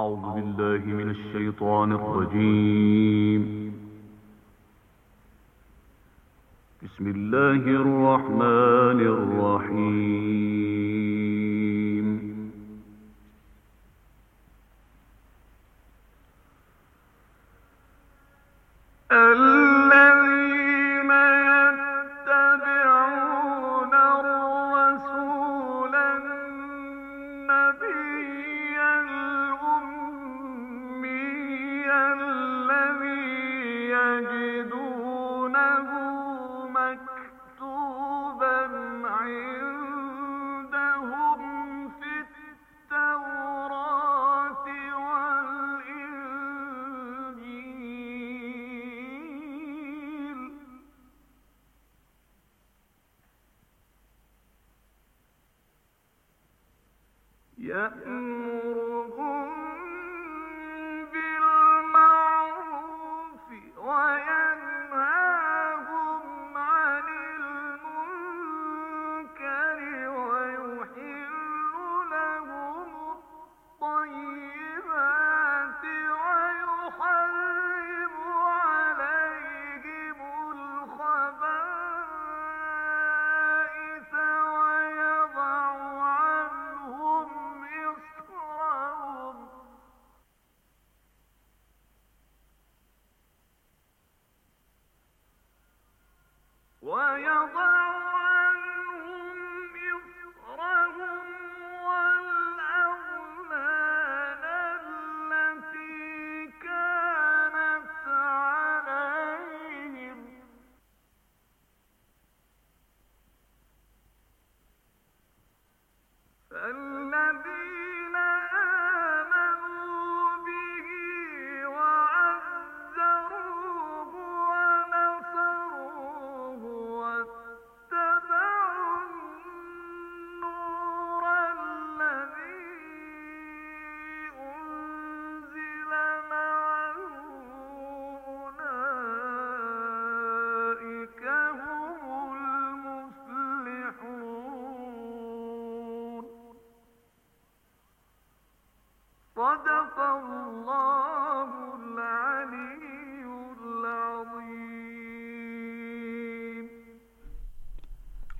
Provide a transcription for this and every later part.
أعوذ بالله من الشيطان الرجيم بسم الله الرحمن الرحيم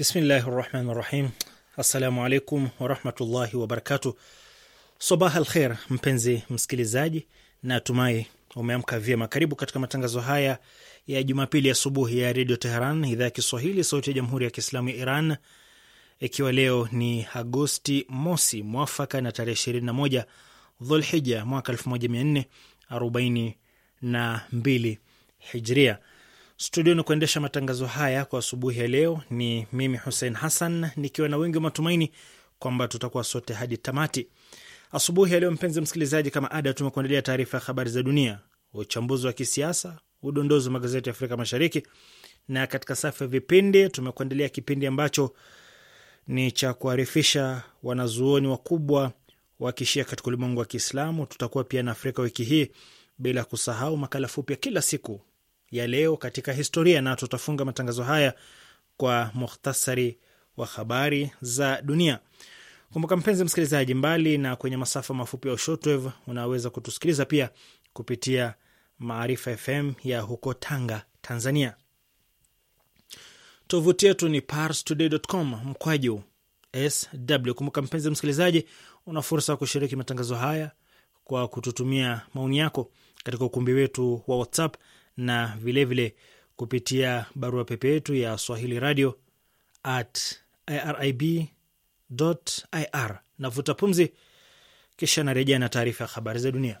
Bismillahi rahmani rahim. Assalamu alaikum warahmatullahi wabarakatu. Sabah kher mpenzi msikilizaji, na tumai umeamka vyema. Karibu katika matangazo haya ya Jumapili asubuhi ya, ya Redio Teheran, idhaa ya Kiswahili, sauti ya Jamhuri ya Kiislamu ya Iran, ikiwa leo ni Agosti mosi mwafaka na tarehe 21 Dhulhija mwaka 1442 Hijria. Studioni kuendesha matangazo haya kwa asubuhi ya leo ni mimi Hussein Hassan, nikiwa na wengi wa matumaini kwamba tutakuwa sote hadi tamati. Asubuhi ya leo, mpenzi msikilizaji, kama ada, tumekuandalia taarifa ya habari za dunia, uchambuzi wa kisiasa, udondozi wa magazeti ya Afrika Mashariki, na katika safu ya vipindi tumekuandalia kipindi ambacho ni cha kuarifisha wanazuoni wakubwa wa kishia katika ulimwengu wa Kiislamu. Tutakuwa pia na Afrika wiki hii, bila kusahau makala fupi ya kila siku ya leo katika historia, na tutafunga matangazo haya kwa muhtasari wa habari za dunia. Kumbuka mpenzi msikilizaji, mbali na kwenye masafa mafupi ya shortwave, unaweza kutusikiliza pia kupitia Maarifa FM ya huko Tanga, Tanzania. Tovuti yetu ni parstoday.com mkwaju sw. Kumbuka mpenzi msikilizaji, una fursa ya kushiriki matangazo haya kwa kututumia maoni yako katika ukumbi wetu wa WhatsApp na vilevile vile kupitia barua pepe yetu ya Swahili radio at irib ir. Navuta pumzi, kisha narejea na taarifa ya habari za dunia.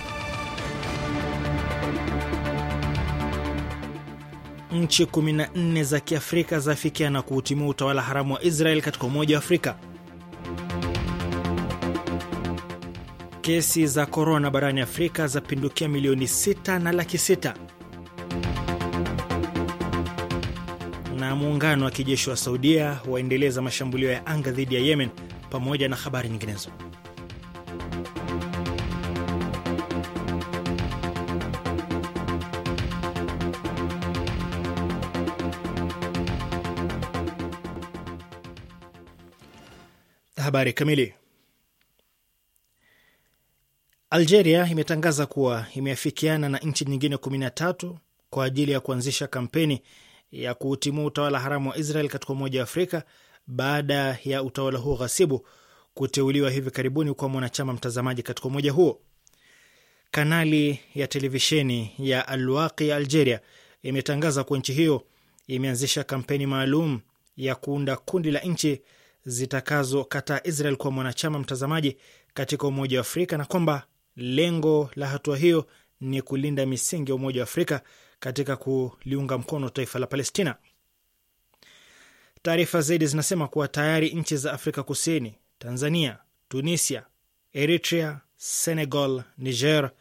nchi 14 za Kiafrika zafikia na kuutimua utawala haramu wa Israel katika Umoja wa Afrika. Kesi za korona barani Afrika zapindukia milioni 6 na laki 6. Na muungano wa kijeshi wa Saudia waendeleza mashambulio ya anga dhidi ya Yemen, pamoja na habari nyinginezo. Habari kamili. Algeria imetangaza kuwa imeafikiana na nchi nyingine 13 kwa ajili ya kuanzisha kampeni ya kuutimua utawala haramu wa Israel katika Umoja wa Afrika baada ya utawala huo ghasibu kuteuliwa hivi karibuni kuwa mwanachama mtazamaji katika umoja huo. Kanali ya televisheni ya Alwaqi ya Algeria imetangaza kuwa nchi hiyo imeanzisha kampeni maalum ya kuunda kundi la nchi zitakazokataa Israel kuwa mwanachama mtazamaji katika Umoja wa Afrika na kwamba lengo la hatua hiyo ni kulinda misingi ya Umoja wa Afrika katika kuliunga mkono taifa la Palestina. Taarifa zaidi zinasema kuwa tayari nchi za Afrika Kusini, Tanzania, Tunisia, Eritrea, Senegal, Niger,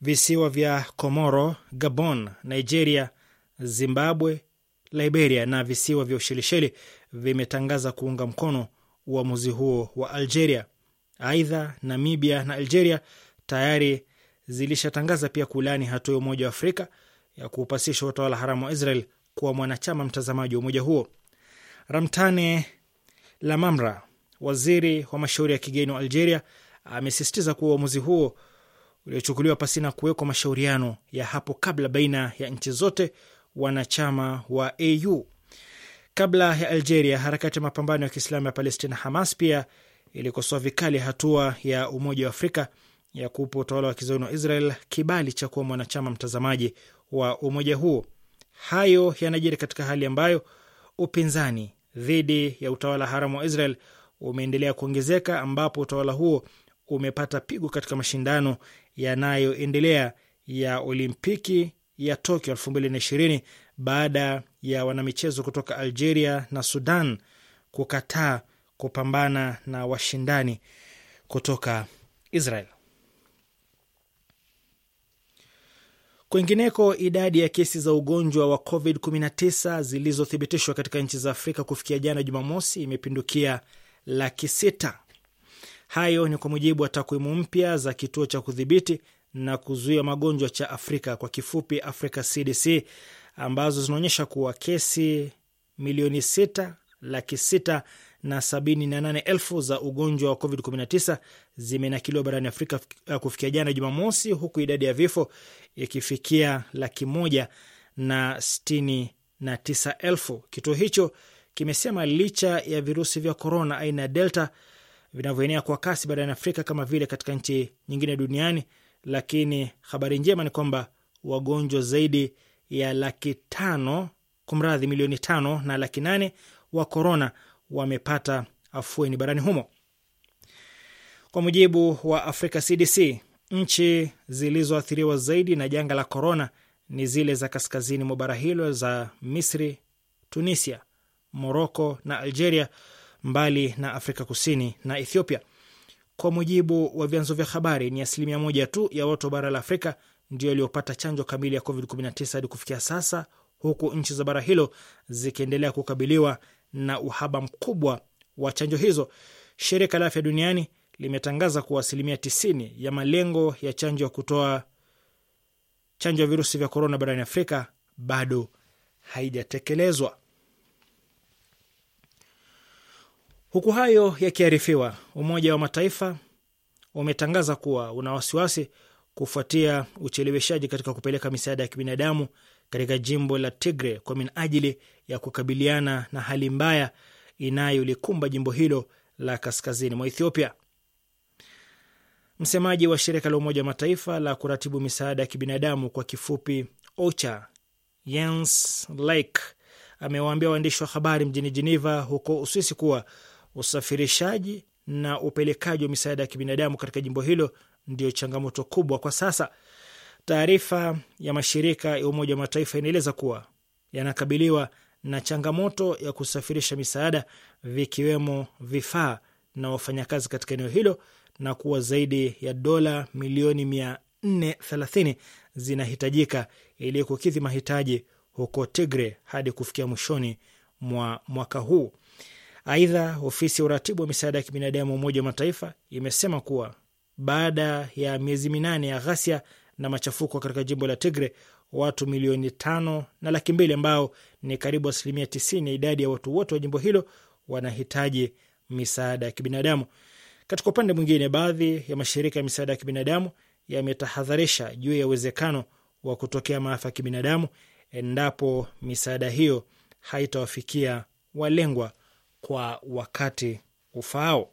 visiwa vya Komoro, Gabon, Nigeria, Zimbabwe, Liberia na visiwa vya Ushelisheli vimetangaza kuunga mkono uamuzi huo wa Algeria. Aidha, Namibia na Algeria tayari zilishatangaza pia kulani hatua ya Umoja wa Afrika ya kuupasisha utawala haramu wa Israel kuwa mwanachama mtazamaji wa umoja huo. Ramtane Lamamra, waziri wa mashauri ya kigeni wa Algeria, amesisitiza kuwa uamuzi huo uliochukuliwa pasina kuwekwa mashauriano ya hapo kabla baina ya nchi zote wanachama wa AU. Kabla ya Algeria, harakati ya mapambano ya Kiislamu ya Palestina Hamas pia ilikosoa vikali hatua ya Umoja wa Afrika ya kuupa utawala wa kizayuni wa Israel kibali cha kuwa mwanachama mtazamaji wa umoja huo. Hayo yanajiri katika hali ambayo upinzani dhidi ya utawala haramu wa Israel umeendelea kuongezeka, ambapo utawala huo umepata pigo katika mashindano yanayoendelea ya Olimpiki ya Tokyo 2020 baada ya wanamichezo kutoka Algeria na Sudan kukataa kupambana na washindani kutoka Israel. Kwingineko, idadi ya kesi za ugonjwa wa COVID-19 zilizothibitishwa katika nchi za Afrika kufikia jana Jumamosi imepindukia laki sita. Hayo ni kwa mujibu wa takwimu mpya za kituo cha kudhibiti na kuzuia magonjwa cha Afrika, kwa kifupi Africa CDC, ambazo zinaonyesha kuwa kesi milioni sita laki sita na sabini na nane elfu za ugonjwa wa COVID-19 zimenakiliwa barani Afrika eh, kufikia jana Jumamosi, huku idadi ya vifo ikifikia laki moja na sitini na tisa elfu. Kituo hicho kimesema licha ya virusi vya korona aina ya Delta vinavyoenea kwa kasi barani Afrika kama vile katika nchi nyingine duniani lakini habari njema ni kwamba wagonjwa zaidi ya laki tano kumradhi, milioni tano na laki nane wa korona wamepata afueni barani humo, kwa mujibu wa afrika CDC. Nchi zilizoathiriwa zaidi na janga la korona ni zile za kaskazini mwa bara hilo za Misri, Tunisia, Moroko na Algeria, mbali na Afrika Kusini na Ethiopia. Kwa mujibu wa vyanzo vya habari, ni asilimia moja tu ya watu wa bara la Afrika ndio waliopata chanjo kamili ya COVID-19 hadi kufikia sasa, huku nchi za bara hilo zikiendelea kukabiliwa na uhaba mkubwa wa chanjo hizo. Shirika la Afya Duniani limetangaza kuwa asilimia 90 ya malengo ya chanjo ya kutoa chanjo ya virusi vya korona barani Afrika bado haijatekelezwa. Huku hayo yakiarifiwa, Umoja wa Mataifa umetangaza kuwa una wasiwasi kufuatia ucheleweshaji katika kupeleka misaada ya kibinadamu katika jimbo la Tigre kwa minajili ya kukabiliana na hali mbaya inayolikumba jimbo hilo la kaskazini mwa Ethiopia. Msemaji wa shirika la Umoja wa Mataifa la kuratibu misaada ya kibinadamu kwa kifupi OCHA, Jens Laerke amewaambia waandishi wa habari mjini jeneva huko Uswisi kuwa usafirishaji na upelekaji wa misaada ya kibinadamu katika jimbo hilo ndio changamoto kubwa kwa sasa. Taarifa ya mashirika ya Umoja wa Mataifa inaeleza kuwa yanakabiliwa na changamoto ya kusafirisha misaada, vikiwemo vifaa na wafanyakazi katika eneo hilo, na kuwa zaidi ya dola milioni mia4 thelathini zinahitajika ili kukidhi mahitaji huko Tigre hadi kufikia mwishoni mwa mwaka huu. Aidha, ofisi ya uratibu wa misaada ya kibinadamu ya Umoja wa Mataifa imesema kuwa baada ya miezi minane ya ghasia na machafuko katika jimbo la Tigre, watu milioni tano na laki mbili ambao ni karibu asilimia tisini ya idadi ya watu wote wa jimbo hilo wanahitaji misaada ya kibinadamu. Katika upande mwingine, baadhi ya mashirika ya misaada ya kibinadamu yametahadharisha juu ya uwezekano wa kutokea maafa ya kibinadamu endapo misaada hiyo haitawafikia walengwa kwa wakati ufaao.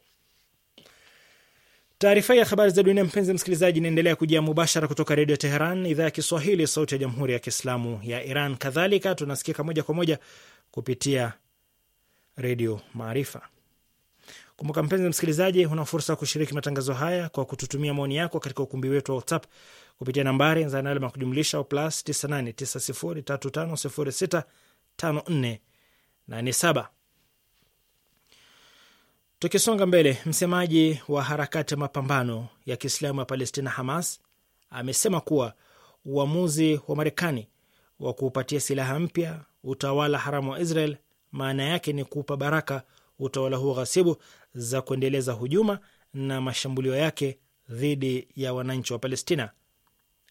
Taarifa ya habari za dunia, mpenzi msikilizaji, inaendelea kujia mubashara kutoka redio Teheran, idhaa ya Kiswahili, sauti ya jamhuri ya kiislamu ya Iran. Kadhalika tunasikika moja kwa moja kupitia redio Maarifa. Kumbuka mpenzi msikilizaji, una fursa ya kushiriki matangazo haya kwa kututumia maoni yako katika ukumbi wetu wa WhatsApp kupitia nambari za nalama kujumlisha plus 989035065487. Tukisonga mbele, msemaji wa harakati ya mapambano ya Kiislamu ya Palestina, Hamas, amesema kuwa uamuzi wa Marekani wa kuupatia silaha mpya utawala haramu wa Israel maana yake ni kuupa baraka utawala huo ghasibu za kuendeleza hujuma na mashambulio yake dhidi ya wananchi wa Palestina.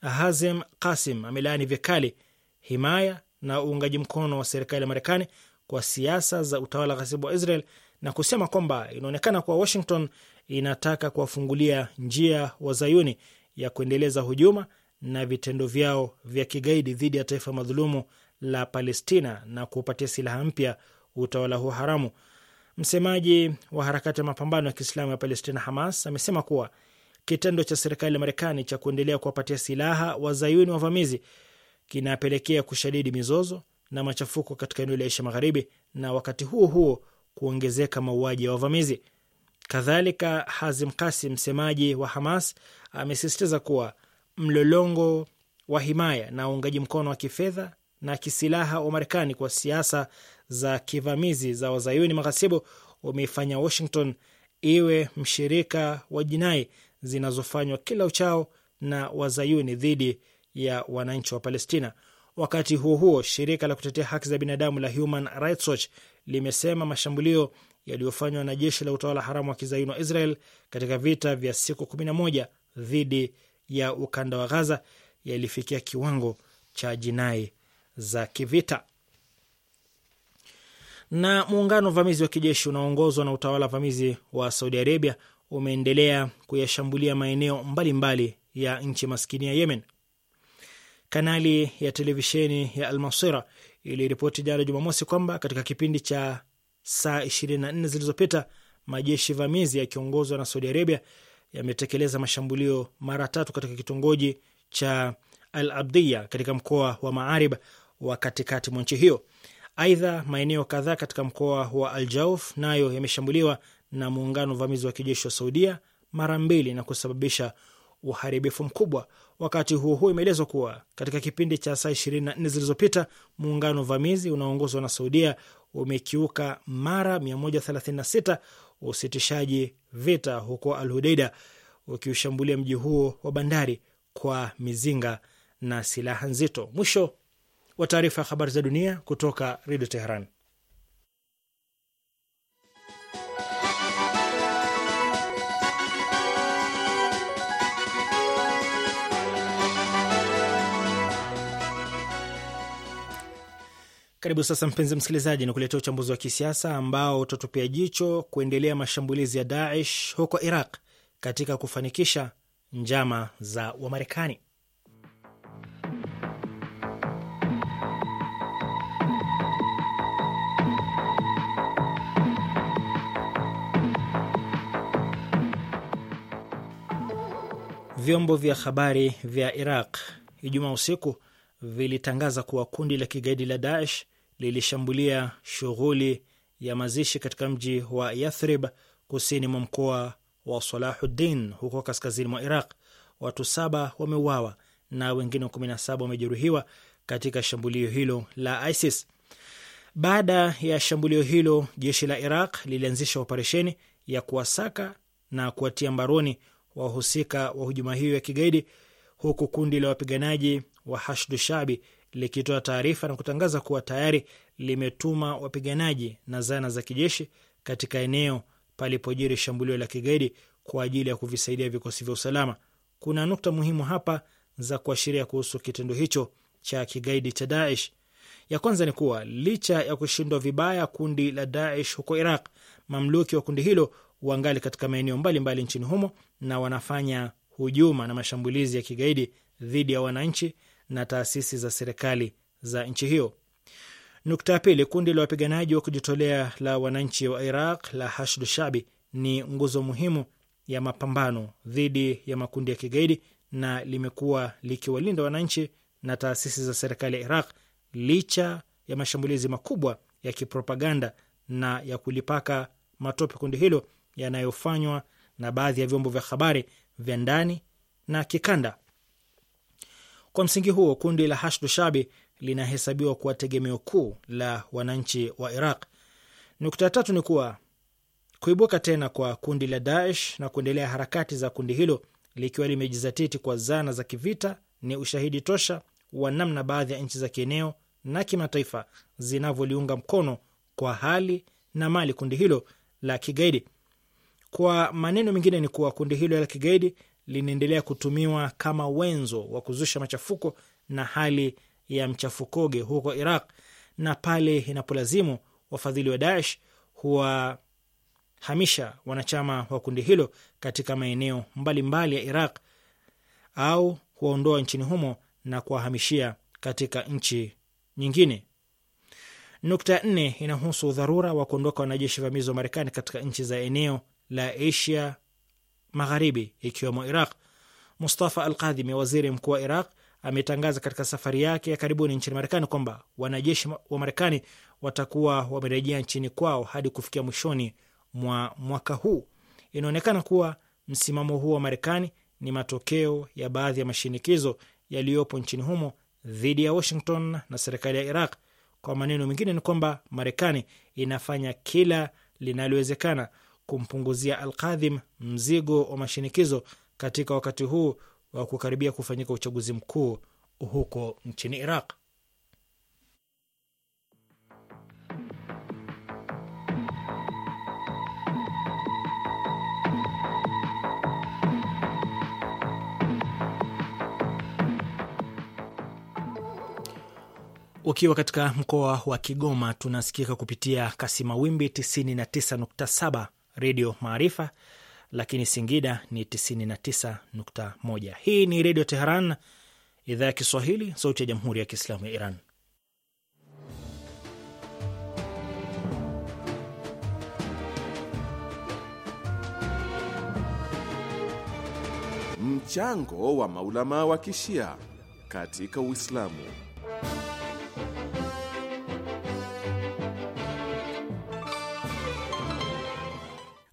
Hazem Kasim amelaani vikali himaya na uungaji mkono wa serikali ya Marekani kwa siasa za utawala ghasibu wa Israel na kusema kwamba inaonekana kuwa Washington inataka kuwafungulia njia wazayuni ya kuendeleza hujuma na vitendo vyao vya kigaidi dhidi ya taifa madhulumu la Palestina na kuupatia silaha mpya utawala huo haramu. Msemaji wa harakati ya mapambano ya Kiislamu ya Palestina, Hamas, amesema kuwa kitendo cha serikali ya Marekani cha kuendelea kuwapatia silaha wazayuni wavamizi kinapelekea kushadidi mizozo na machafuko katika eneo la Asia Magharibi, na wakati huo huo kuongezeka mauaji ya wavamizi. Kadhalika, Hazim Kasim, msemaji wa Hamas, amesisitiza kuwa mlolongo wa himaya na uungaji mkono wa kifedha na kisilaha wa Marekani kwa siasa za kivamizi za wazayuni maghasibu umeifanya Washington iwe mshirika wa jinai zinazofanywa kila uchao na wazayuni dhidi ya wananchi wa Palestina. Wakati huo huo, shirika la kutetea haki za binadamu la Human Rights Watch limesema mashambulio yaliyofanywa na jeshi la utawala haramu wa kizayuni wa Israel katika vita vya siku 11 dhidi ya ukanda wa Ghaza yalifikia kiwango cha jinai za kivita. Na muungano vamizi wa kijeshi unaoongozwa na utawala vamizi wa Saudi Arabia umeendelea kuyashambulia maeneo mbalimbali ya nchi maskini ya Yemen. Kanali ya televisheni ya Almasira iliripoti jana Jumamosi kwamba katika kipindi cha saa 24 zilizopita majeshi vamizi yakiongozwa na Saudi Arabia yametekeleza mashambulio mara tatu katika kitongoji cha Al Abdiya katika mkoa wa Maarib wa katikati mwa nchi hiyo. Aidha, maeneo kadhaa katika mkoa wa Al Jauf nayo yameshambuliwa na muungano vamizi wa kijeshi wa Saudia mara mbili na kusababisha uharibifu mkubwa. Wakati huo huo, imeelezwa kuwa katika kipindi cha saa 24 zilizopita muungano vamizi unaoongozwa na Saudia umekiuka mara 136 usitishaji vita huko Al Hudeida, ukiushambulia mji huo wa bandari kwa mizinga na silaha nzito. Mwisho wa taarifa ya habari za dunia kutoka Redio Teheran. Karibu sasa mpenzi msikilizaji, ni kuletea uchambuzi wa kisiasa ambao utatupia jicho kuendelea mashambulizi ya Daesh huko Iraq katika kufanikisha njama za Wamarekani. Vyombo vya habari vya Iraq Ijumaa usiku vilitangaza kuwa kundi la kigaidi la Daesh lilishambulia shughuli ya mazishi katika mji wa Yathrib kusini mwa mkoa wa Salahuddin huko kaskazini mwa Iraq. Watu saba wameuawa na wengine 17 wamejeruhiwa katika shambulio hilo la ISIS. Baada ya shambulio hilo, jeshi la Iraq lilianzisha operesheni ya kuwasaka na kuwatia mbaroni wahusika wa hujuma hiyo ya kigaidi, huku kundi la wapiganaji wa Hashdu Shabi likitoa taarifa na kutangaza kuwa tayari limetuma wapiganaji na zana za kijeshi katika eneo palipojiri shambulio la kigaidi kwa ajili ya kuvisaidia vikosi vya usalama. Kuna nukta muhimu hapa za kuashiria kuhusu kitendo hicho cha kigaidi cha Daesh. Ya kwanza ni kuwa licha ya kushindwa vibaya kundi la Daesh huko Iraq, mamluki wa kundi hilo wangali katika maeneo mbalimbali nchini humo na wanafanya hujuma na mashambulizi ya kigaidi dhidi ya wananchi na taasisi za serikali za nchi hiyo. Nukta ya pili, kundi la wapiganaji wa kujitolea la wananchi wa Iraq la Hashdu Shabi ni nguzo muhimu ya mapambano dhidi ya makundi ya kigaidi na limekuwa likiwalinda wananchi na taasisi za serikali ya Iraq licha ya mashambulizi makubwa ya kipropaganda na ya kulipaka matope kundi hilo yanayofanywa na baadhi ya vyombo vya habari vya ndani na kikanda. Kwa msingi huo, kundi la Hashdu Shabi linahesabiwa kuwa tegemeo kuu la wananchi wa Iraq. Nukta tatu ni kuwa kuibuka tena kwa kundi la Daesh na kuendelea harakati za kundi hilo likiwa limejizatiti kwa zana za kivita ni ushahidi tosha wa namna baadhi ya nchi za kieneo na kimataifa zinavyoliunga mkono kwa hali na mali kundi hilo la kigaidi. Kwa maneno mengine, ni kuwa kundi hilo la kigaidi linaendelea kutumiwa kama wenzo wa kuzusha machafuko na hali ya mchafukoge huko Iraq, na pale inapolazimu wafadhili wa Daesh huwahamisha wanachama wa kundi hilo katika maeneo mbalimbali ya Iraq au huwaondoa nchini humo na kuwahamishia katika nchi nyingine. Nukta nne inahusu dharura wa kuondoka wanajeshi vamizi wa Marekani katika nchi za eneo la Asia magharibi ikiwemo Iraq. Mustafa Al Kadhimi, waziri mkuu wa Iraq, ametangaza katika safari yake ya karibuni nchini Marekani kwamba wanajeshi wa Marekani watakuwa wamerejea nchini kwao hadi kufikia mwishoni mwa mwaka huu. Inaonekana kuwa msimamo huo wa Marekani ni matokeo ya baadhi ya mashinikizo yaliyopo nchini humo dhidi ya Washington na serikali ya Iraq. Kwa maneno mengine, ni kwamba Marekani inafanya kila linalowezekana kumpunguzia Alqadhim mzigo wa mashinikizo katika wakati huu wa kukaribia kufanyika uchaguzi mkuu huko nchini Iraq. Ukiwa katika mkoa wa Kigoma tunasikika kupitia kasi mawimbi 99.7 Redio Maarifa, lakini Singida ni 99.1. Hii ni Redio Teheran, idhaa ya Kiswahili, sauti ya Jamhuri ya Kiislamu ya Iran. Mchango wa maulama wa kishia katika Uislamu.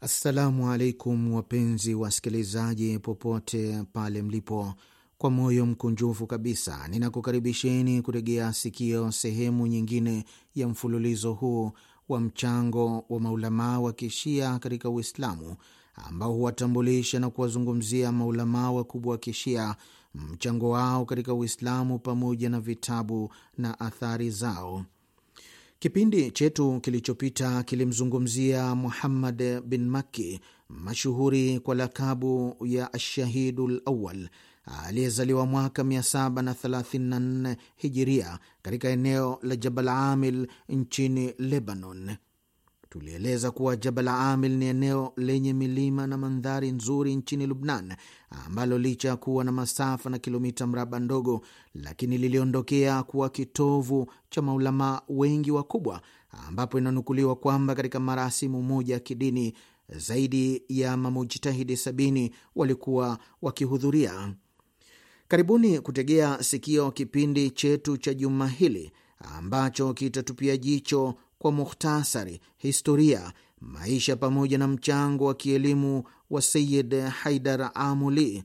Assalamu alaikum wapenzi wasikilizaji, popote pale mlipo, kwa moyo mkunjufu kabisa ninakukaribisheni kuregea sikio sehemu nyingine ya mfululizo huu wa mchango wa maulamaa wa kishia katika Uislamu ambao huwatambulisha na kuwazungumzia maulamaa wakubwa wa kishia, mchango wao katika Uislamu pamoja na vitabu na athari zao. Kipindi chetu kilichopita kilimzungumzia Muhammad bin Makki, mashuhuri kwa lakabu ya Ashahidu Lawal, aliyezaliwa mwaka 734 Hijiria katika eneo la Jabal Amil nchini Lebanon tulieleza kuwa Jabal Amil ni eneo lenye milima na mandhari nzuri nchini Lubnan, ambalo licha ya kuwa na masafa na kilomita mraba ndogo, lakini liliondokea kuwa kitovu cha maulamaa wengi wakubwa, ambapo inanukuliwa kwamba katika marasimu moja ya kidini zaidi ya mamujitahidi sabini walikuwa wakihudhuria. Karibuni kutegea sikio kipindi chetu cha juma hili ambacho kitatupia jicho kwa mukhtasari historia, maisha pamoja na mchango wa kielimu wa Sayid Haidar Amuli,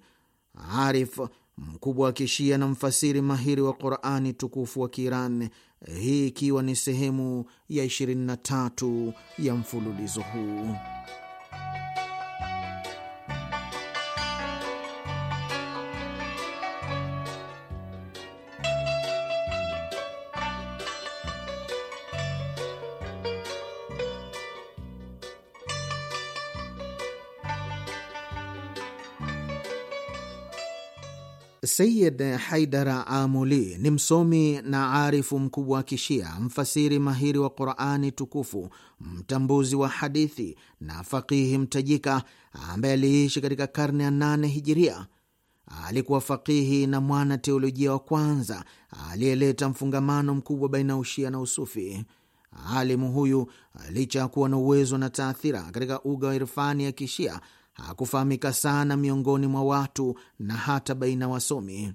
arif mkubwa wa Kishia na mfasiri mahiri wa Qurani tukufu wa Kiiran, hii ikiwa ni sehemu ya 23 ya mfululizo huu. Sayid Haidara Amuli ni msomi na arifu mkubwa wa Kishia, mfasiri mahiri wa Qurani Tukufu, mtambuzi wa hadithi na faqihi mtajika ambaye aliishi katika karne ya nane Hijiria. Alikuwa faqihi na mwana teolojia wa kwanza aliyeleta mfungamano mkubwa baina ya Ushia na Usufi. Alimu huyu licha ya kuwa na uwezo na taathira katika uga wa irfani ya Kishia hakufahamika sana miongoni mwa watu na hata baina wasomi.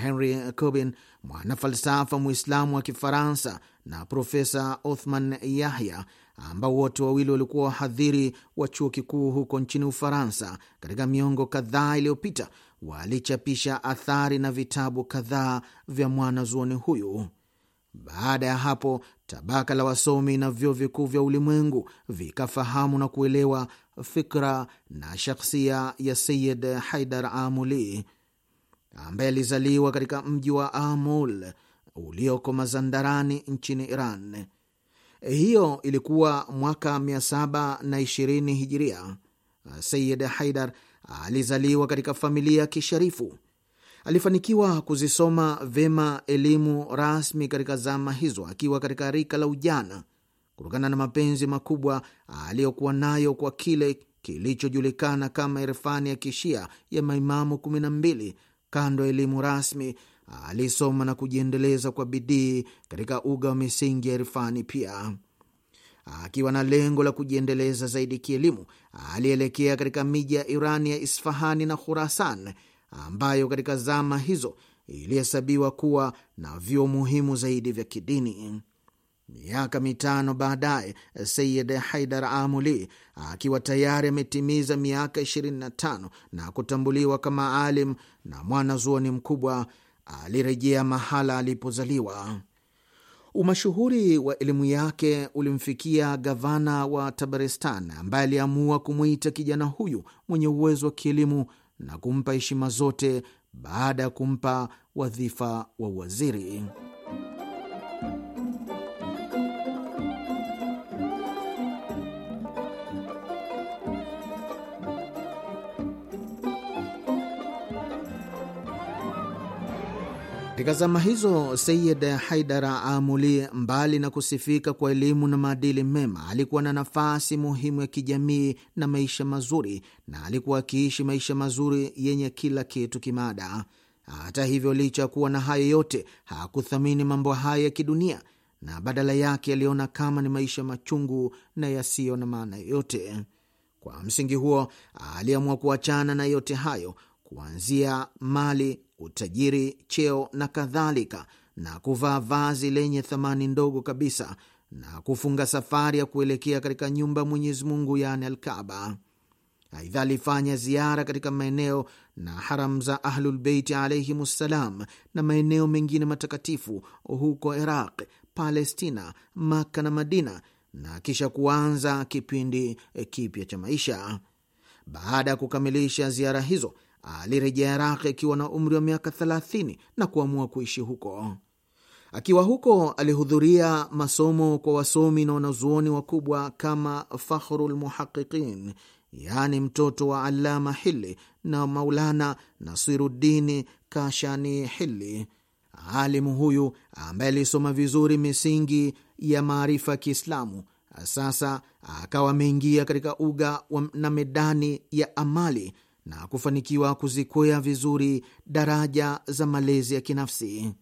Henry Corbin, mwanafalsafa Mwislamu wa Kifaransa, na Profesa Othman Yahya, ambao wote wawili walikuwa wahadhiri wa chuo kikuu huko nchini Ufaransa, katika miongo kadhaa iliyopita walichapisha athari na vitabu kadhaa vya mwanazuoni huyu. Baada ya hapo, tabaka la wasomi na vyuo vikuu vya ulimwengu vikafahamu na kuelewa fikra na shakhsia ya Sayid Haidar Amuli ambaye alizaliwa katika mji wa Amul ulioko Mazandarani nchini Iran. Hiyo ilikuwa mwaka 720 Hijiria. Sayid Haidar alizaliwa katika familia ya kisharifu. Alifanikiwa kuzisoma vyema elimu rasmi katika zama hizo akiwa katika rika la ujana, kutokana na mapenzi makubwa aliyokuwa nayo kwa kile kilichojulikana kama irfani ya kishia ya maimamu kumi na mbili. Kando ya elimu rasmi, alisoma na kujiendeleza kwa bidii katika uga wa misingi ya irfani pia. Akiwa na lengo la kujiendeleza zaidi kielimu, alielekea katika miji ya Irani ya Isfahani na Khurasan ambayo katika zama hizo ilihesabiwa kuwa na vyuo muhimu zaidi vya kidini. Miaka mitano baadaye, Sayid Haidar Amuli akiwa tayari ametimiza miaka 25 na kutambuliwa kama alim na mwanazuoni mkubwa, alirejea mahala alipozaliwa. Umashuhuri wa elimu yake ulimfikia gavana wa Tabaristan ambaye aliamua kumwita kijana huyu mwenye uwezo wa kielimu na kumpa heshima zote baada ya kumpa wadhifa wa uwaziri. Katika zama hizo Sayid haidar Amuli, mbali na kusifika kwa elimu na maadili mema, alikuwa na nafasi muhimu ya kijamii na maisha mazuri, na alikuwa akiishi maisha mazuri yenye kila kitu kimaada. Hata hivyo, licha ya kuwa na hayo yote, hakuthamini mambo haya ya kidunia, na badala yake aliona kama ni maisha machungu na yasiyo na maana yoyote. Kwa msingi huo, aliamua kuachana na yote hayo, kuanzia mali utajiri, cheo na kadhalika, na kuvaa vazi lenye thamani ndogo kabisa na kufunga safari ya kuelekea katika nyumba ya Mwenyezi Mungu, yaani Alkaba. Aidha, alifanya ziara katika maeneo na haram za Ahlulbeiti ssalam na maeneo mengine matakatifu huko Iraq, Palestina, makka na Madina, na kisha kuanza kipindi kipya cha maisha. Baada ya kukamilisha ziara hizo, alirejea Iraq akiwa na umri wa miaka 30 na kuamua kuishi huko. Akiwa huko alihudhuria masomo kwa wasomi na wanazuoni wakubwa kama Fakhrul Muhaqiqin, yaani mtoto wa Allama Hili na Maulana nasirudini Kashani Hili. Alimu huyu ambaye alisoma vizuri misingi ya maarifa ya Kiislamu sasa akawa ameingia katika uga na medani ya amali na kufanikiwa kuzikwea vizuri daraja za malezi ya kinafsi.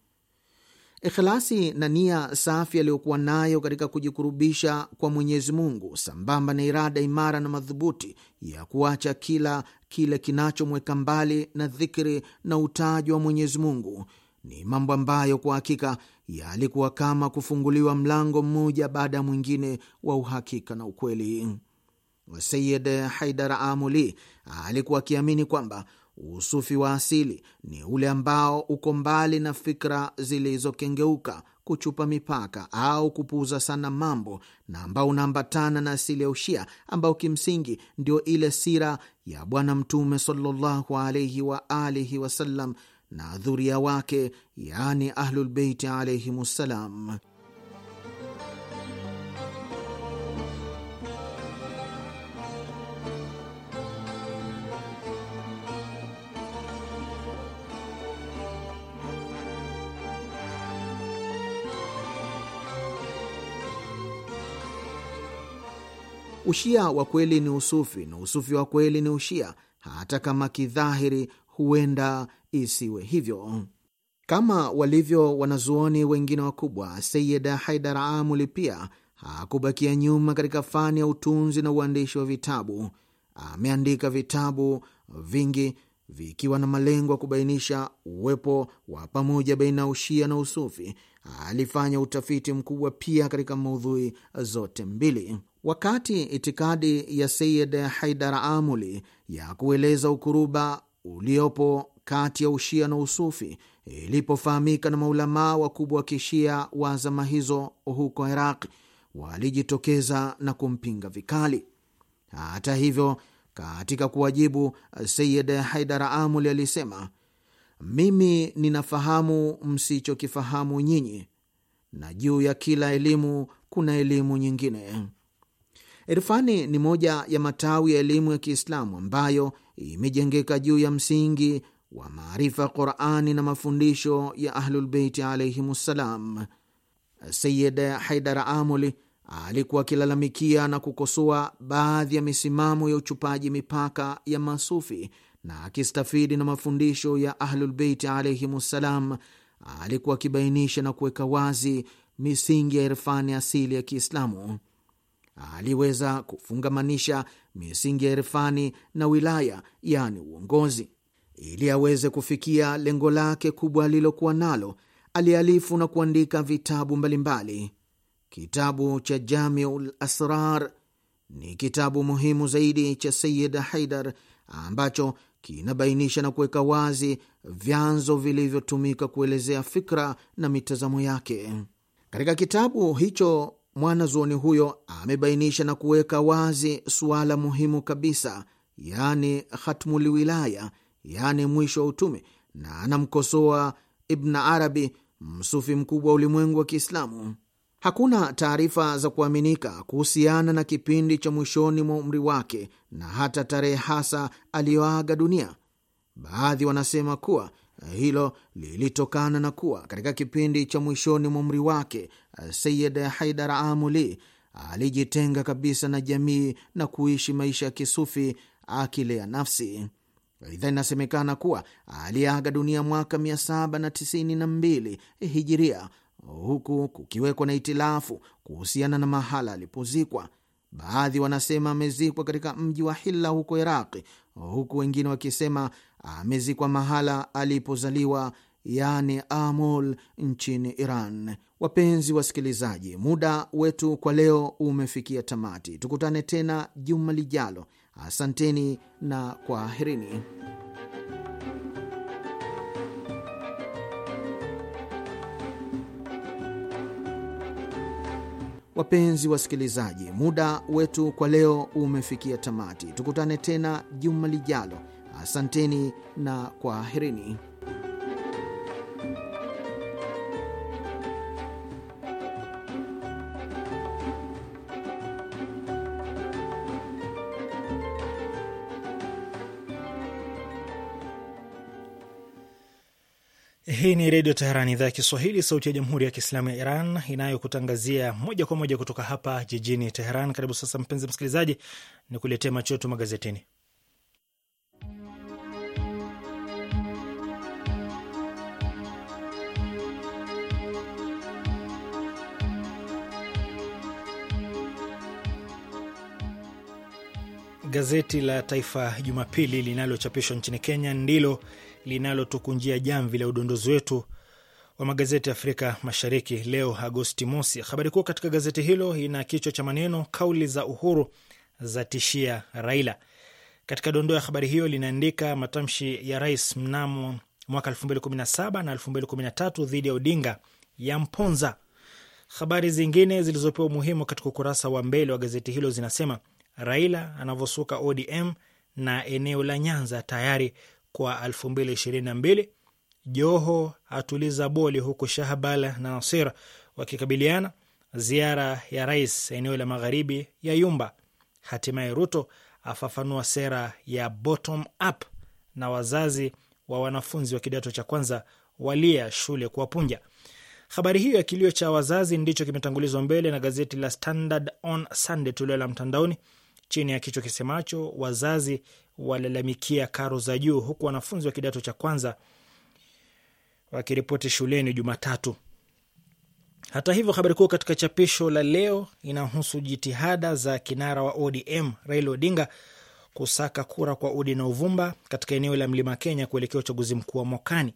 Ikhlasi na nia safi aliyokuwa nayo katika kujikurubisha kwa Mwenyezi Mungu sambamba na irada imara na madhubuti ya kuacha kila kile kinachomweka mbali na dhikri na utajwa wa Mwenyezi Mungu ni mambo ambayo kwa hakika yalikuwa kama kufunguliwa mlango mmoja baada ya mwingine wa uhakika na ukweli. Sayid Haidar Amuli alikuwa akiamini kwamba usufi wa asili ni ule ambao uko mbali na fikra zilizokengeuka, kuchupa mipaka au kupuuza sana mambo, na ambao unaambatana na asili ya Ushia ambao kimsingi ndio ile sira ya Bwana Mtume sallallahu alaihi wa alihi wasallam na dhuria wake, yani Ahlulbeiti alaihim Ushia wa kweli ni usufi na usufi wa kweli ni ushia, hata kama kidhahiri huenda isiwe hivyo. Kama walivyo wanazuoni wengine wakubwa, Sayida Haidar Amuli pia hakubakia nyuma katika fani ya utunzi na uandishi wa vitabu. Ameandika vitabu vingi vikiwa na malengo ya kubainisha uwepo wa pamoja baina ya ushia na usufi. Alifanya utafiti mkubwa pia katika maudhui zote mbili. Wakati itikadi ya Sayid Haidar Amuli ya kueleza ukuruba uliopo kati ya ushia na usufi ilipofahamika na maulamaa wakubwa wa kishia wa zama hizo huko Iraq, walijitokeza na kumpinga vikali. Hata hivyo, katika kuwajibu, Sayid Haidar Amuli alisema, mimi ninafahamu msichokifahamu nyinyi, na juu ya kila elimu kuna elimu nyingine. Irfani ni moja ya matawi ya elimu ya Kiislamu ambayo imejengeka juu ya msingi wa maarifa ya Qurani na mafundisho ya Ahlulbeiti ssalam. Sayid Haidar Amuli alikuwa akilalamikia na kukosoa baadhi ya misimamo ya uchupaji mipaka ya masufi na akistafidi na mafundisho ya Ahlulbeiti ssalam, alikuwa akibainisha na kuweka wazi misingi ya irfani asili ya Kiislamu aliweza kufungamanisha misingi ya irfani na wilaya, yaani uongozi, ili aweze kufikia lengo lake kubwa alilokuwa nalo. Alialifu na kuandika vitabu mbalimbali. Kitabu cha Jamiul Asrar ni kitabu muhimu zaidi cha Sayid Haidar ambacho kinabainisha na kuweka wazi vyanzo vilivyotumika kuelezea fikra na mitazamo yake. Katika kitabu hicho Mwanazuoni huyo amebainisha na kuweka wazi suala muhimu kabisa, yaani hatmuliwilaya, yaani mwisho wa utume, na anamkosoa Ibn Arabi, msufi mkubwa wa ulimwengu wa Kiislamu. Hakuna taarifa za kuaminika kuhusiana na kipindi cha mwishoni mwa umri wake na hata tarehe hasa aliyoaga dunia. Baadhi wanasema kuwa hilo lilitokana na kuwa katika kipindi cha mwishoni mwa umri wake Sayid Haidar Amuli alijitenga kabisa na jamii na kuishi maisha ya kisufi akilea nafsi. Aidha, inasemekana kuwa aliaga dunia mwaka 792 hijiria, huku kukiwekwa na itilafu kuhusiana na mahala alipozikwa. Baadhi wanasema amezikwa katika mji wa Hilla huko Iraqi, huku wengine wakisema amezikwa mahala alipozaliwa yaani Amol nchini Iran. Wapenzi wasikilizaji, muda wetu kwa leo umefikia tamati. Tukutane tena juma lijalo. Asanteni na kwaherini. Wapenzi wasikilizaji, muda wetu kwa leo umefikia tamati. Tukutane tena juma lijalo. Asanteni na kwaherini. Hii ni Redio Teheran, idhaa ya Kiswahili, sauti ya Jamhuri ya Kiislamu ya Iran, inayokutangazia moja kwa moja kutoka hapa jijini Teheran. Karibu sasa, mpenzi msikilizaji, ni kuletea macho yetu magazetini. Gazeti la Taifa Jumapili linalochapishwa nchini Kenya ndilo linalotukunjia jamvi la udondozi wetu wa magazeti ya Afrika Mashariki leo Agosti mosi. Habari kuu katika gazeti hilo ina kichwa cha maneno kauli za Uhuru za tishia Raila. Katika dondoo ya habari hiyo linaandika matamshi ya rais mnamo mwaka 2017 na 2013 dhidi ya Odinga ya mponza. Habari zingine zilizopewa umuhimu katika ukurasa wa mbele wa gazeti hilo zinasema Raila anavyosuka ODM na eneo la Nyanza tayari kwa 2022. Joho atuliza boli huku Shahbal na Nasir wakikabiliana. Ziara ya rais eneo la magharibi ya yumba. Hatimaye Ruto afafanua sera ya bottom up, na wazazi wa wanafunzi wa kidato cha kwanza walia shule kuwapunja. Habari hiyo ya kilio cha wazazi ndicho kimetangulizwa mbele na gazeti la Standard on Sunday toleo la mtandaoni chini ya kichwa kisemacho wazazi walalamikia karo za juu, huku wanafunzi wa kidato cha kwanza wakiripoti shuleni Jumatatu. Hata hivyo, habari kuu katika chapisho la leo inahusu jitihada za kinara wa ODM Raila Odinga kusaka kura kwa udi na uvumba katika eneo la mlima Kenya kuelekea uchaguzi mkuu wa mwakani.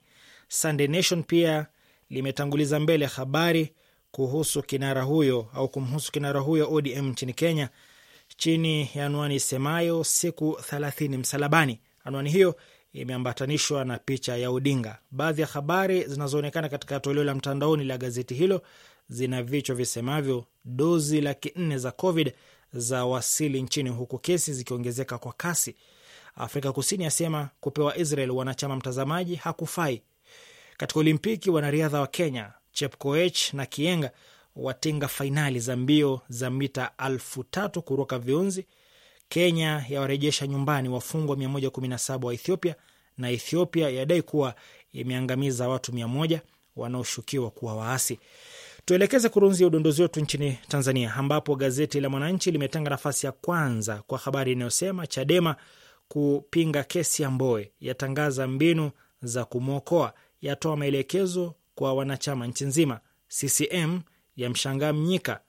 Sunday Nation pia limetanguliza mbele habari kuhusu kinara huyo au kumhusu kinara huyo ODM nchini Kenya chini ya anwani isemayo siku thelathini msalabani. Anwani hiyo imeambatanishwa na picha ya Odinga. Baadhi ya habari zinazoonekana katika toleo la mtandaoni la gazeti hilo zina vichwa visemavyo dozi laki nne za Covid za wasili nchini huku kesi zikiongezeka kwa kasi. Afrika Kusini asema kupewa Israel wanachama mtazamaji hakufai. Katika Olimpiki, wanariadha wa Kenya Chepkoech na Kienga watinga fainali za mbio za mita alfu tatu kuruka viunzi. Kenya yawarejesha nyumbani wafungwa 117 wa Ethiopia, na Ethiopia yadai kuwa imeangamiza watu 100 wanaoshukiwa kuwa waasi. Tuelekeze kurunzi ya udondozi wetu nchini Tanzania, ambapo gazeti la Mwananchi limetenga nafasi ya kwanza kwa habari inayosema Chadema kupinga kesi ya mboe yatangaza mbinu za kumwokoa, yatoa maelekezo kwa wanachama nchi nzima. CCM ya mshangaa Mnyika,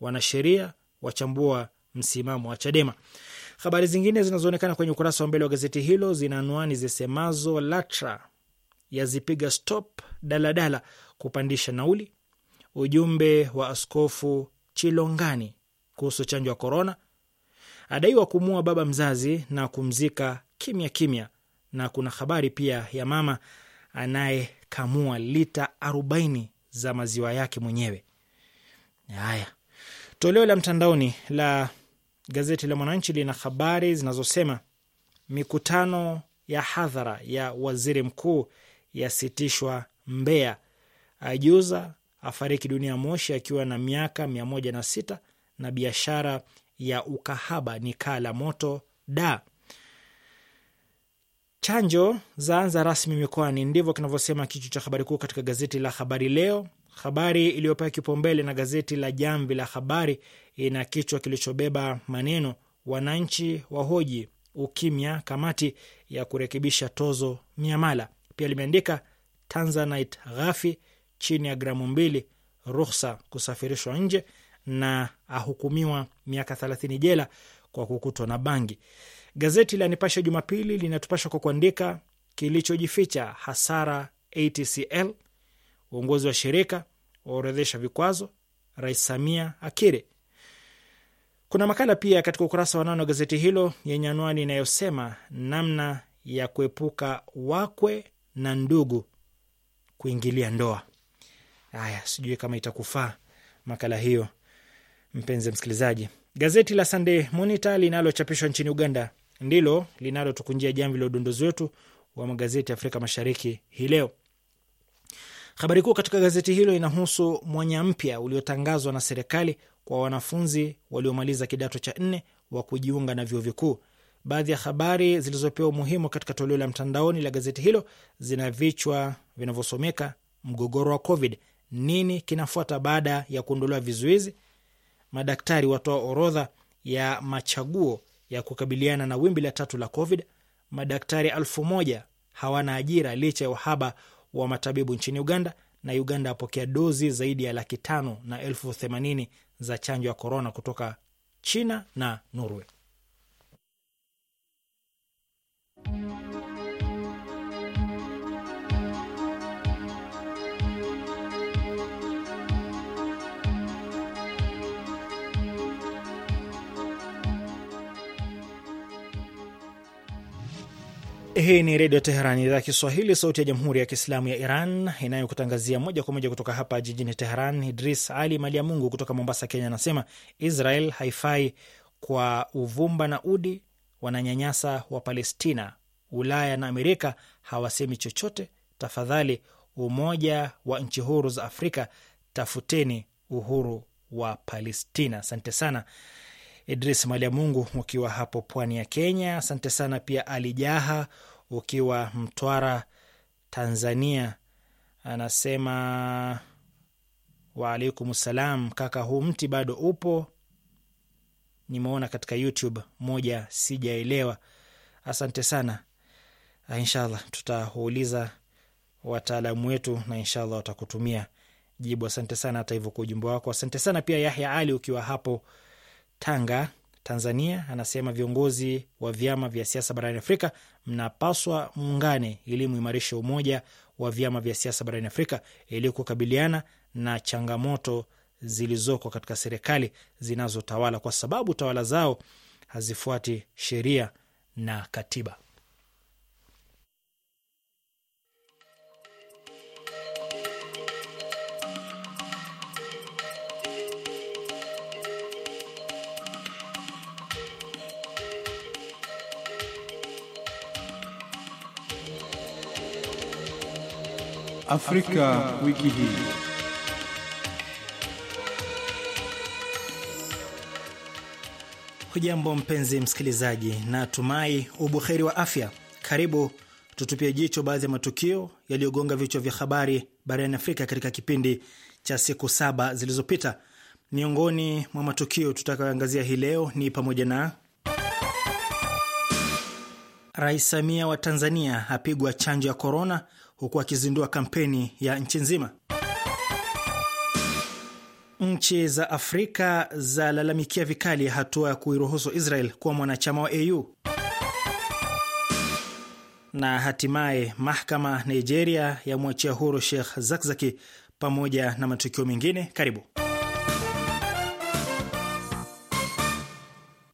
wanasheria wachambua msimamo wa Chadema. Habari zingine zinazoonekana kwenye ukurasa wa mbele wa gazeti hilo zina anwani zisemazo: LATRA yazipiga stop daladala kupandisha nauli, ujumbe wa Askofu Chilongani kuhusu chanjo ya korona, adaiwa kumua baba mzazi na kumzika kimya kimya, na kuna habari pia ya mama anayekamua lita 4 za maziwa yake mwenyewe. Haya, toleo la mtandaoni la gazeti la Mwananchi lina habari zinazosema mikutano ya hadhara ya waziri mkuu yasitishwa Mbeya, ajuza afariki dunia Moshi akiwa na miaka mia moja na sita na biashara ya ukahaba ni kaa la moto da chanjo zaanza rasmi mikoani, ndivyo kinavyosema kichwa cha habari kuu katika gazeti la Habari Leo Habari iliyopewa kipaumbele na gazeti la Jamvi la Habari ina kichwa kilichobeba maneno wananchi wahoji ukimya kamati ya kurekebisha tozo miamala. Pia limeandika Tanzanite ghafi chini ya gramu mbili ruhusa kusafirishwa nje, na ahukumiwa miaka thelathini jela kwa kukutwa na bangi. Gazeti la Nipashe Jumapili linatupasha kwa kuandika kilichojificha hasara ATCL uongozi wa shirika waorodhesha vikwazo, Rais Samia akire. Kuna makala pia katika ukurasa wa nane wa gazeti hilo yenye anwani inayosema namna ya kuepuka wakwe na ndugu kuingilia ndoa. Haya, sijui kama itakufaa makala hiyo, mpenzi msikilizaji. Gazeti la Sunday Monitor linalochapishwa nchini Uganda ndilo linalotukunjia jamvi la udondozi wetu wa magazeti ya Afrika Mashariki hii leo. Habari kuu katika gazeti hilo inahusu mwanya mpya uliotangazwa na serikali kwa wanafunzi waliomaliza kidato cha nne wa kujiunga na vyuo vikuu. Baadhi ya habari zilizopewa umuhimu katika toleo la mtandaoni la gazeti hilo zina vichwa vinavyosomeka: mgogoro wa Covid, nini kinafuata baada ya kuondolewa vizuizi; madaktari watoa orodha ya machaguo ya kukabiliana na wimbi la tatu la Covid; madaktari elfu moja hawana ajira licha ya uhaba wa matabibu nchini Uganda, na Uganda apokea dozi zaidi ya laki tano na elfu themanini za chanjo ya korona kutoka China na Norway. Hii ni Redio Teherani, idhaa ya Kiswahili, sauti ya Jamhuri ya Kiislamu ya Iran, inayokutangazia moja kwa moja kutoka hapa jijini Teheran. Idris Ali Mali ya Mungu kutoka Mombasa, Kenya, anasema Israel haifai kwa uvumba na udi, wananyanyasa wa Palestina. Ulaya na Amerika hawasemi chochote. Tafadhali Umoja wa Nchi Huru za Afrika, tafuteni uhuru wa Palestina. Asante sana. Idris mungu ukiwa hapo pwani ya Kenya. Asante sana pia Ali Jaha ukiwa Mtwara, Tanzania, anasema waalaikum salam kaka, huu mti bado upo? Nimeona katika YouTube moja, sijaelewa. Asante sana, ah, inshallah tutauliza wataalamu wetu na inshallah watakutumia jibu. Asante sana hata hivyo kwa ujumbe wako. Asante sana pia Yahya Ali ukiwa hapo Tanga, Tanzania, anasema viongozi wa vyama vya siasa barani Afrika mnapaswa muungane ili muimarishe umoja wa vyama vya siasa barani Afrika ili kukabiliana na changamoto zilizoko katika serikali zinazotawala, kwa sababu tawala zao hazifuati sheria na katiba. Afrika, Wiki hii. Hujambo mpenzi msikilizaji, na tumai ubuheri wa afya. Karibu tutupie jicho baadhi ya matukio yaliyogonga vichwa vya habari barani Afrika katika kipindi cha siku saba zilizopita. Miongoni mwa matukio tutakayoangazia hii leo ni pamoja na Rais Samia wa Tanzania apigwa chanjo ya korona huku akizindua kampeni ya nchi nzima. Nchi za Afrika zalalamikia vikali hatua ya kuiruhusu Israel kuwa mwanachama wa AU. Na hatimaye mahakama Nigeria yamwachia huru Sheikh Zakzaki, pamoja na matukio mengine. Karibu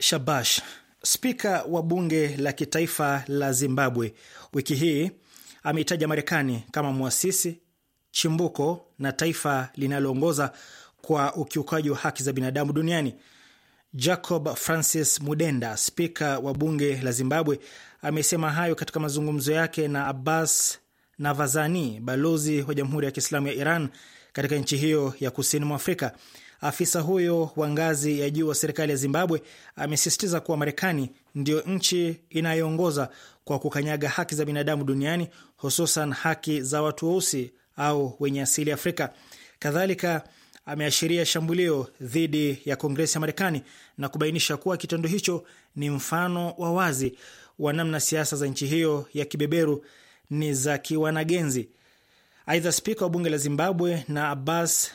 Shabash. Spika wa bunge la kitaifa la Zimbabwe wiki hii ameitaja Marekani kama mwasisi, chimbuko na taifa linaloongoza kwa ukiukaji wa haki za binadamu duniani. Jacob Francis Mudenda, spika wa bunge la Zimbabwe, amesema hayo katika mazungumzo yake na Abbas Navazani, balozi wa Jamhuri ya Kiislamu ya Iran katika nchi hiyo ya kusini mwa Afrika. Afisa huyo wa ngazi ya juu wa serikali ya Zimbabwe amesisitiza kuwa Marekani ndio nchi inayoongoza kwa kukanyaga haki za binadamu duniani, hususan haki za watu weusi au wenye asili Afrika. Kadhalika ameashiria shambulio dhidi ya Kongresi ya Marekani na kubainisha kuwa kitendo hicho ni mfano wa wazi wa namna siasa za nchi hiyo ya kibeberu ni za kiwanagenzi. Aidha, spika wa bunge la Zimbabwe na Abbas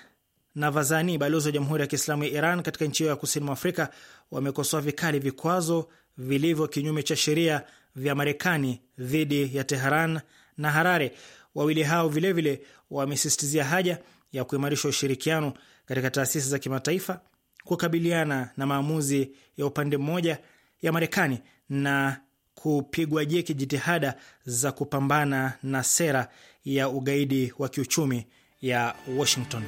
Navazani, balozi wa Jamhuri ya Kiislamu ya Iran katika nchi hiyo ya kusini mwa Afrika, wamekosoa vikali vikwazo vilivyo kinyume cha sheria vya Marekani dhidi ya Teheran na Harare. Wawili hao vilevile wamesisitizia haja ya kuimarisha ushirikiano katika taasisi za kimataifa kukabiliana na maamuzi ya upande mmoja ya Marekani na kupigwa jeki jitihada za kupambana na sera ya ugaidi wa kiuchumi ya Washington.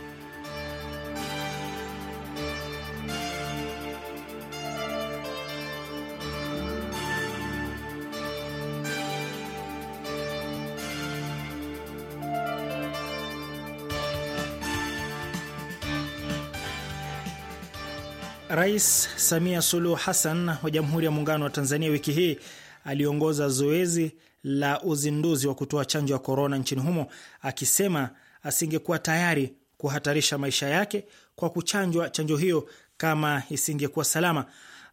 Rais Samia Suluhu Hassan wa Jamhuri ya Muungano wa Tanzania wiki hii aliongoza zoezi la uzinduzi wa kutoa chanjo ya korona nchini humo, akisema asingekuwa tayari kuhatarisha maisha yake kwa kuchanjwa chanjo hiyo kama isingekuwa salama.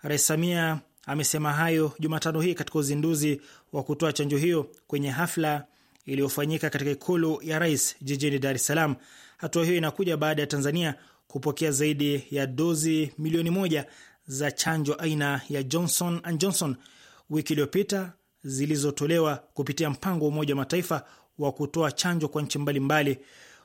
Rais Samia amesema hayo Jumatano hii katika uzinduzi wa kutoa chanjo hiyo kwenye hafla iliyofanyika katika Ikulu ya Rais jijini Dar es Salaam. Hatua hiyo inakuja baada ya Tanzania kupokea zaidi ya dozi milioni moja za chanjo aina ya Johnson and Johnson wiki iliyopita zilizotolewa kupitia mpango wa Umoja wa Mataifa wa kutoa chanjo kwa nchi mbalimbali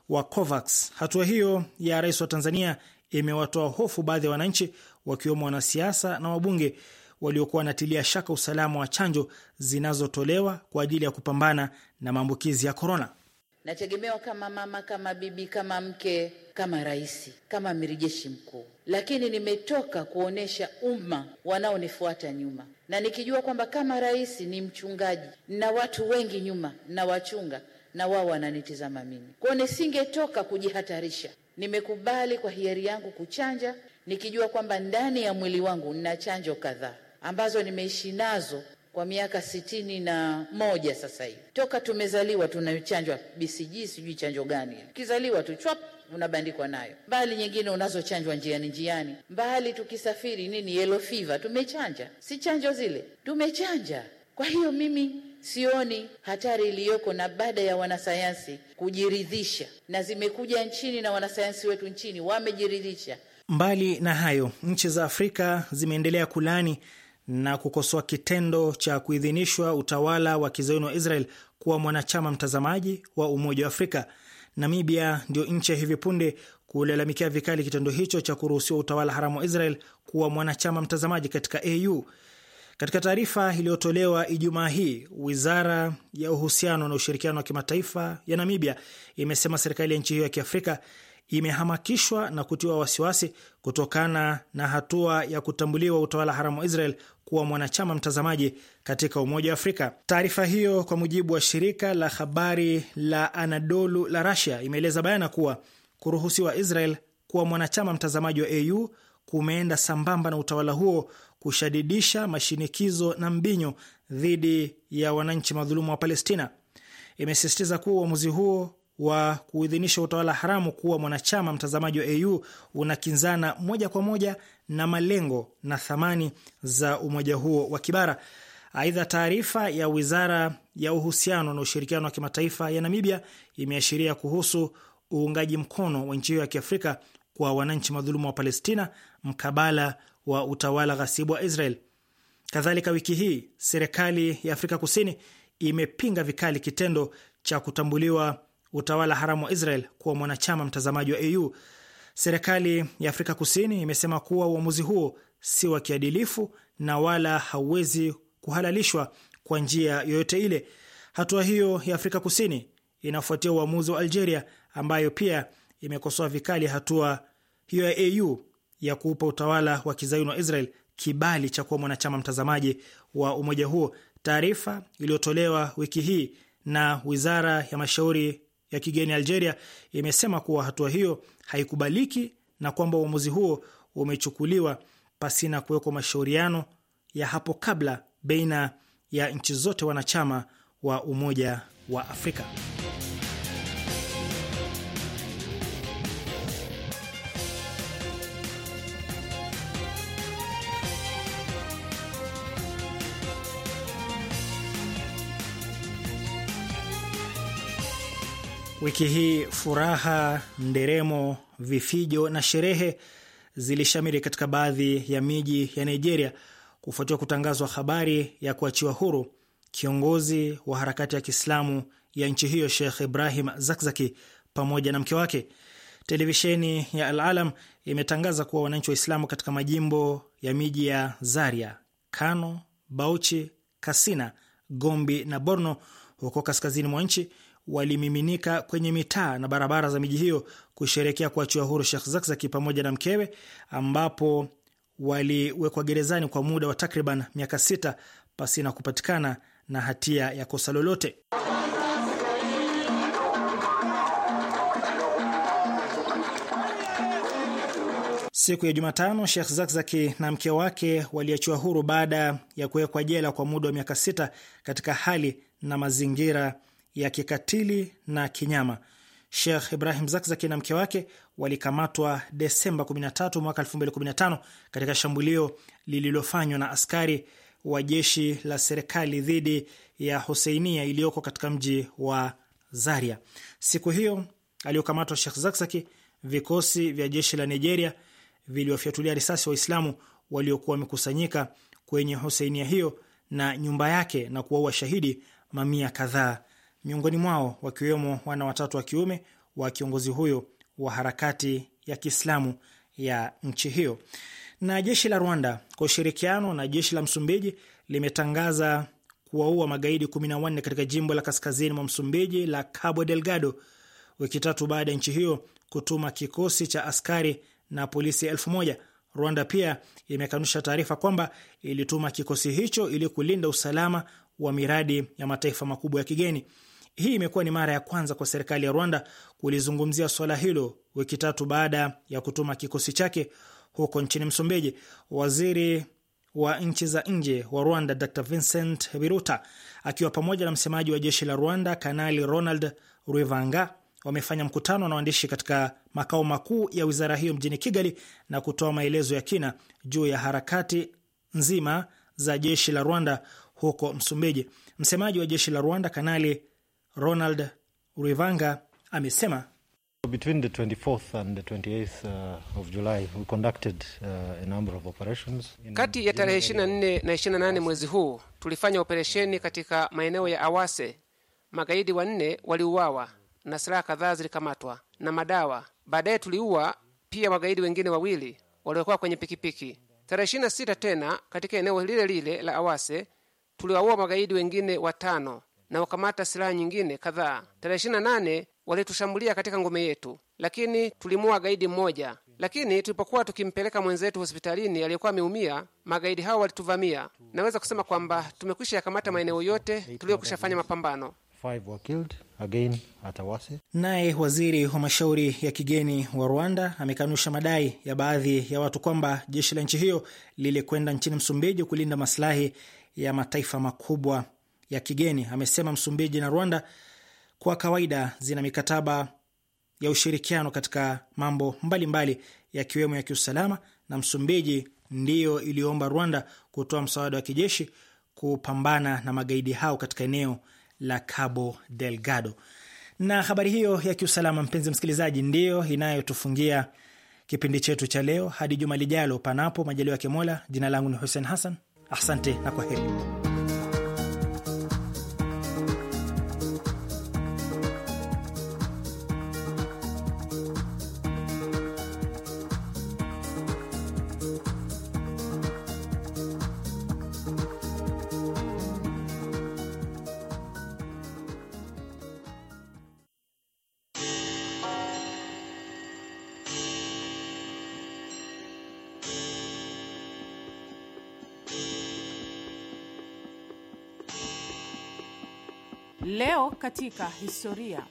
wa COVAX. Hatua hiyo ya rais wa Tanzania imewatoa hofu baadhi ya wananchi, wakiwemo wanasiasa na wabunge waliokuwa wanatilia shaka usalama wa chanjo zinazotolewa kwa ajili ya kupambana na maambukizi ya korona nategemewa kama mama, kama bibi, kama mke, kama rais, kama amiri jeshi mkuu, lakini nimetoka kuonesha umma wanaonifuata nyuma, na nikijua kwamba kama rais ni mchungaji na watu wengi nyuma na wachunga na wao wananitizama mimi, kwayo nisingetoka kujihatarisha. Nimekubali kwa hiari yangu kuchanja nikijua kwamba ndani ya mwili wangu nina chanjo kadhaa ambazo nimeishi nazo kwa miaka sitini na moja sasa hivi. Toka tumezaliwa tunachanjwa BCG, sijui chanjo gani ile, ukizaliwa tu chwap unabandikwa nayo, mbali nyingine unazochanjwa njiani njiani, mbali tukisafiri nini, yellow fever tumechanja, si chanjo zile tumechanja. Kwa hiyo mimi sioni hatari iliyoko, na baada ya wanasayansi kujiridhisha, na zimekuja nchini na wanasayansi wetu nchini wamejiridhisha. Mbali na hayo, nchi za Afrika zimeendelea kulani na kukosoa kitendo cha kuidhinishwa utawala wa kizayuni wa Israel kuwa mwanachama mtazamaji wa Umoja wa Afrika. Namibia ndio nchi ya hivi punde kulalamikia vikali kitendo hicho cha kuruhusiwa utawala haramu wa Israel kuwa mwanachama mtazamaji katika AU. Katika taarifa iliyotolewa Ijumaa hii, wizara ya uhusiano na ushirikiano wa kimataifa ya Namibia imesema serikali ya nchi hiyo ya kiafrika imehamakishwa na kutiwa wasiwasi kutokana na hatua ya kutambuliwa utawala haramu wa Israel kuwa mwanachama mtazamaji katika Umoja wa Afrika. Taarifa hiyo kwa mujibu wa shirika la habari la Anadolu la rasia imeeleza bayana kuwa kuruhusiwa Israel kuwa mwanachama mtazamaji wa AU kumeenda sambamba na utawala huo kushadidisha mashinikizo na mbinyo dhidi ya wananchi madhulumu wa Palestina. Imesisitiza kuwa uamuzi huo wa kuidhinisha utawala haramu kuwa mwanachama mtazamaji wa AU unakinzana moja kwa moja na malengo na thamani za umoja huo wa kibara. Aidha, taarifa ya wizara ya uhusiano na ushirikiano wa kimataifa ya Namibia imeashiria kuhusu uungaji mkono wa nchi hiyo ya kiafrika kwa wananchi madhulumu wa Palestina mkabala wa utawala ghasibu wa Israel. Kadhalika, wiki hii serikali ya Afrika Kusini imepinga vikali kitendo cha kutambuliwa utawala haramu wa Israel kuwa mwanachama mtazamaji wa AU. Serikali ya Afrika Kusini imesema kuwa uamuzi huo si wa kiadilifu na wala hauwezi kuhalalishwa kwa njia yoyote ile. Hatua hiyo ya Afrika Kusini inafuatia uamuzi wa Algeria ambayo pia imekosoa vikali hatua hiyo ya AU ya kuupa utawala wa kizayuni wa Israel kibali cha kuwa mwanachama mtazamaji wa umoja huo. Taarifa iliyotolewa wiki hii na wizara ya mashauri ya kigeni Algeria imesema kuwa hatua hiyo haikubaliki na kwamba uamuzi huo umechukuliwa pasina kuwekwa mashauriano ya hapo kabla baina ya nchi zote wanachama wa Umoja wa Afrika. Wiki hii furaha, nderemo, vifijo na sherehe zilishamiri katika baadhi ya miji ya Nigeria kufuatia kutangazwa habari ya kuachiwa huru kiongozi wa harakati ya Kiislamu ya nchi hiyo Sheikh Ibrahim Zakzaki pamoja na mke wake. Televisheni ya Al Alam imetangaza kuwa wananchi wa islamu katika majimbo ya miji ya Zaria, Kano, Bauchi, Kasina, gombi na Borno huko kaskazini mwa nchi walimiminika kwenye mitaa na barabara za miji hiyo kusherekea kuachiwa huru shekh Zakzaki pamoja na mkewe, ambapo waliwekwa gerezani kwa muda wa takriban miaka sita pasina kupatikana na hatia ya kosa lolote. Siku ya Jumatano, shekh Zakzaki na mke wake waliachiwa huru baada ya kuwekwa jela kwa muda wa miaka sita katika hali na mazingira ya kikatili na kinyama. Sheikh Ibrahim Zakzaki na mke wake walikamatwa Desemba 13 mwaka 2015 katika shambulio lililofanywa na askari wa jeshi la serikali dhidi ya Huseinia iliyoko katika mji wa Zaria. Siku hiyo aliyokamatwa Sheikh Zakzaki, vikosi vya jeshi la Nigeria viliwafyatulia risasi Waislamu waliokuwa wamekusanyika kwenye Huseinia hiyo na nyumba yake na kuwaua shahidi mamia kadhaa miongoni mwao wakiwemo wana watatu wa kiume wa kiongozi huyo wa harakati ya Kiislamu ya nchi hiyo. Na jeshi la Rwanda kwa ushirikiano na jeshi la Msumbiji limetangaza kuwaua magaidi 14 katika jimbo la kaskazini mwa Msumbiji la Cabo Delgado, wiki tatu baada ya nchi hiyo kutuma kikosi cha askari na polisi elfu moja. Rwanda pia imekanusha taarifa kwamba ilituma kikosi hicho ili kulinda usalama wa miradi ya mataifa makubwa ya kigeni. Hii imekuwa ni mara ya kwanza kwa serikali ya Rwanda kulizungumzia swala hilo wiki tatu baada ya kutuma kikosi chake huko nchini Msumbiji. Waziri wa nchi za nje wa Rwanda Dr Vincent Biruta akiwa pamoja na msemaji wa jeshi la Rwanda Kanali Ronald Ruivanga wamefanya mkutano na waandishi katika makao makuu ya wizara hiyo mjini Kigali na kutoa maelezo ya kina juu ya harakati nzima za jeshi la Rwanda huko Msumbiji. Msemaji wa jeshi la Rwanda Kanali Ronald rivanga amesema Between the 24th and the 28th uh, of July, we conducted uh, a number of operations. Kati ya tarehe 24 na 28 mwezi huu tulifanya operesheni katika maeneo ya Awase. Magaidi wanne waliuawa na silaha kadhaa zilikamatwa na madawa. Baadaye tuliua pia magaidi wengine wawili waliokuwa kwenye pikipiki. Tarehe 26 tena katika eneo lile lile la Awase tuliwaua magaidi wengine watano na wakamata silaha nyingine kadhaa. Tarehe nane walitushambulia katika ngome yetu, lakini tulimua gaidi mmoja. Lakini tulipokuwa tukimpeleka mwenzetu hospitalini aliyekuwa ameumia, magaidi hao walituvamia. Naweza kusema kwamba tumekwisha yakamata maeneo yote tuliyokwisha fanya mapambano. Naye waziri wa mashauri ya kigeni wa Rwanda amekanusha madai ya baadhi ya watu kwamba jeshi la nchi hiyo lilikwenda nchini Msumbiji kulinda masilahi ya mataifa makubwa ya kigeni. Amesema Msumbiji na Rwanda kwa kawaida zina mikataba ya ushirikiano katika mambo mbalimbali yakiwemo ya kiusalama, na Msumbiji ndiyo iliyoomba Rwanda kutoa msaada wa kijeshi kupambana na magaidi hao katika eneo la Cabo Delgado. Na habari hiyo ya kiusalama, mpenzi msikilizaji, ndiyo inayotufungia kipindi chetu cha leo. Hadi juma lijalo, panapo majaliwa ya Mola. Jina langu ni Hussein Hassan, asante na kwa heri. Leo katika historia.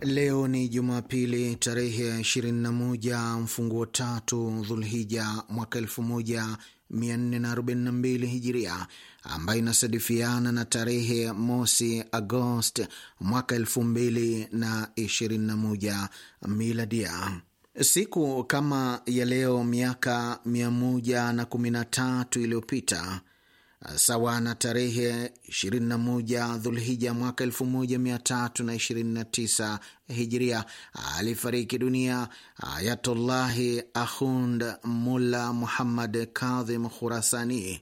Leo ni Jumapili tarehe ya 21 mfunguo tatu Dhulhija mwaka 1442 Hijiria, ambayo inasadifiana na tarehe mosi agost mwaka 2021 Miladia. Siku kama ya leo miaka 113 iliyopita sawa na tarehe 21 Dhulhija mwaka 1329 Hijria, alifariki dunia Ayatullahi Ahund Mulla Muhammad Kadhim Khurasani,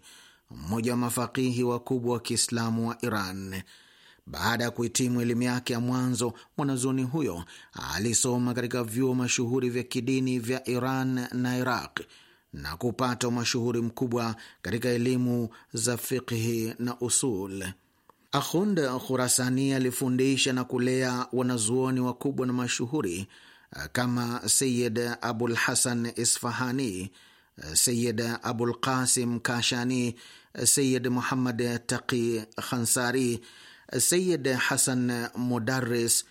mmoja wa mafakihi wakubwa wa Kiislamu wa Iran. Baada ya kuhitimu elimu yake ya mwanzo, mwanazuoni huyo alisoma katika vyuo mashuhuri vya kidini vya Iran na Iraq na kupata umashuhuri mkubwa katika elimu za fiqhi na usul. Akhund Khurasani alifundisha na kulea wanazuoni wakubwa na mashuhuri eh, kama Sayid Abul Hasan Isfahani, eh, Sayid Abul Qasim Kashani, eh, Sayid Muhammad Taqi Khansari, Sayid Hasan Mudaris,